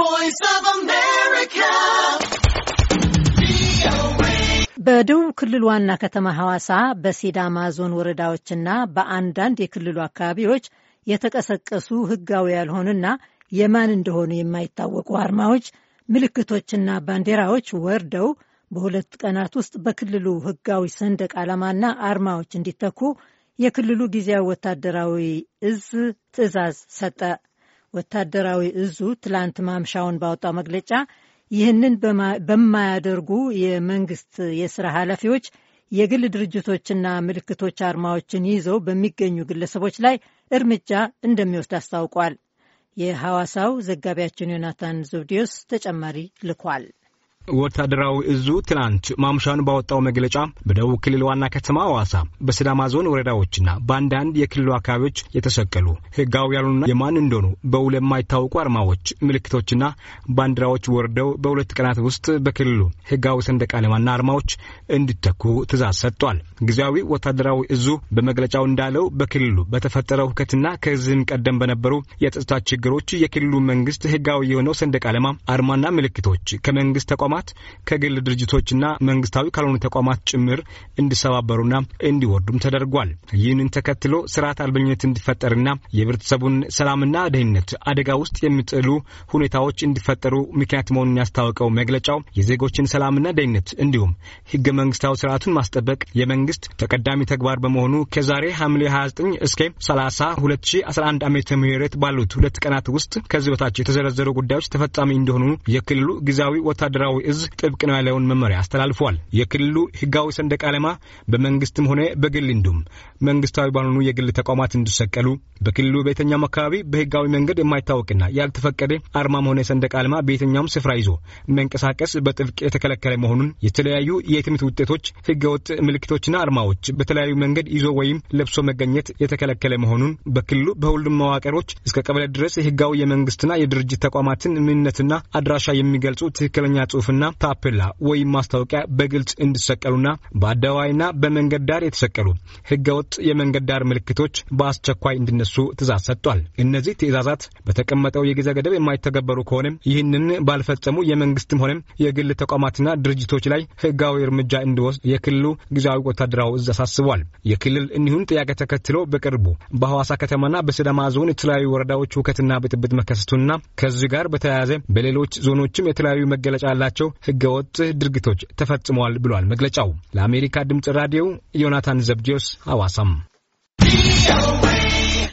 voice of America. በደቡብ ክልል ዋና ከተማ ሐዋሳ በሲዳማ ዞን ወረዳዎችና በአንዳንድ የክልሉ አካባቢዎች የተቀሰቀሱ ሕጋዊ ያልሆኑና የማን እንደሆኑ የማይታወቁ አርማዎች፣ ምልክቶችና ባንዲራዎች ወርደው በሁለት ቀናት ውስጥ በክልሉ ሕጋዊ ሰንደቅ ዓላማና አርማዎች እንዲተኩ የክልሉ ጊዜያዊ ወታደራዊ እዝ ትዕዛዝ ሰጠ። ወታደራዊ እዙ ትላንት ማምሻውን ባወጣው መግለጫ ይህንን በማያደርጉ የመንግስት የስራ ኃላፊዎች የግል ድርጅቶችና ምልክቶች አርማዎችን ይዘው በሚገኙ ግለሰቦች ላይ እርምጃ እንደሚወስድ አስታውቋል። የሐዋሳው ዘጋቢያችን ዮናታን ዘብዲዮስ ተጨማሪ ልኳል። ወታደራዊ እዙ ትናንት ማምሻን ባወጣው መግለጫ በደቡብ ክልል ዋና ከተማ ሐዋሳ በስዳማ ዞን ወረዳዎችና በአንዳንድ የክልሉ አካባቢዎች የተሰቀሉ ህጋዊ ያሉና የማን እንደሆኑ በውል የማይታወቁ አርማዎች፣ ምልክቶችና ባንዲራዎች ወርደው በሁለት ቀናት ውስጥ በክልሉ ህጋዊ ሰንደቅ ዓላማና አርማዎች እንዲተኩ ትእዛዝ ሰጥቷል። ጊዜያዊ ወታደራዊ እዙ በመግለጫው እንዳለው በክልሉ በተፈጠረው ሁከትና ከዚህም ቀደም በነበሩ የጸጥታ ችግሮች የክልሉ መንግስት ህጋዊ የሆነው ሰንደቅ ዓላማ አርማና ምልክቶች ከመንግስት ተቋ ተቋማት ከግል ድርጅቶችና መንግስታዊ ካልሆኑ ተቋማት ጭምር እንዲሰባበሩና እንዲወርዱም ተደርጓል። ይህንን ተከትሎ ስርዓት አልበኝነት እንዲፈጠርና የህብረተሰቡን ሰላምና ደህንነት አደጋ ውስጥ የሚጥሉ ሁኔታዎች እንዲፈጠሩ ምክንያት መሆኑን ያስታወቀው መግለጫው የዜጎችን ሰላምና ደህንነት እንዲሁም ህገ መንግስታዊ ስርዓቱን ማስጠበቅ የመንግስት ተቀዳሚ ተግባር በመሆኑ ከዛሬ ሐምሌ 29 እስከ 30 2011 ዓ ም ባሉት ሁለት ቀናት ውስጥ ከዚህ በታች የተዘረዘሩ ጉዳዮች ተፈጻሚ እንደሆኑ የክልሉ ጊዜያዊ ወታደራዊ እዝ ጥብቅ ነው ያለውን መመሪያ አስተላልፏል። የክልሉ ህጋዊ ሰንደቅ ዓላማ በመንግስትም ሆነ በግል እንዲሁም መንግስታዊ ባልሆኑ የግል ተቋማት እንዲሰቀሉ በክልሉ በየትኛውም አካባቢ በህጋዊ መንገድ የማይታወቅና ያልተፈቀደ አርማም ሆነ ሰንደቅ ዓላማ በየትኛውም ስፍራ ይዞ መንቀሳቀስ በጥብቅ የተከለከለ መሆኑን የተለያዩ የትምህርት ውጤቶች፣ ህገወጥ ምልክቶችና አርማዎች በተለያዩ መንገድ ይዞ ወይም ለብሶ መገኘት የተከለከለ መሆኑን በክልሉ በሁሉም መዋቅሮች እስከ ቀበሌ ድረስ ህጋዊ የመንግስትና የድርጅት ተቋማትን ምንነትና አድራሻ የሚገልጹ ትክክለኛ ጽሁፍ ጽሑፍና ታፔላ ወይም ማስታወቂያ በግልጽ እንዲሰቀሉና በአደባባይና በመንገድ ዳር የተሰቀሉ ህገወጥ የመንገድ ዳር ምልክቶች በአስቸኳይ እንዲነሱ ትእዛዝ ሰጥቷል። እነዚህ ትእዛዛት በተቀመጠው የጊዜ ገደብ የማይተገበሩ ከሆነም ይህንን ባልፈጸሙ የመንግስትም ሆነም የግል ተቋማትና ድርጅቶች ላይ ህጋዊ እርምጃ እንዲወስድ የክልሉ ጊዜያዊ ወታደራዊ እዝ አሳስቧል። የክልል እኒሁን ጥያቄ ተከትሎ በቅርቡ በሐዋሳ ከተማና በስዳማ ዞን የተለያዩ ወረዳዎች ሁከትና ብጥብጥ መከሰቱና ከዚህ ጋር በተያያዘ በሌሎች ዞኖችም የተለያዩ መገለጫ አላቸው። ያላቸው ህገወጥ ድርጊቶች ተፈጽመዋል ብሏል መግለጫው። ለአሜሪካ ድምፅ ራዲዮ ዮናታን ዘብዲዮስ አዋሳም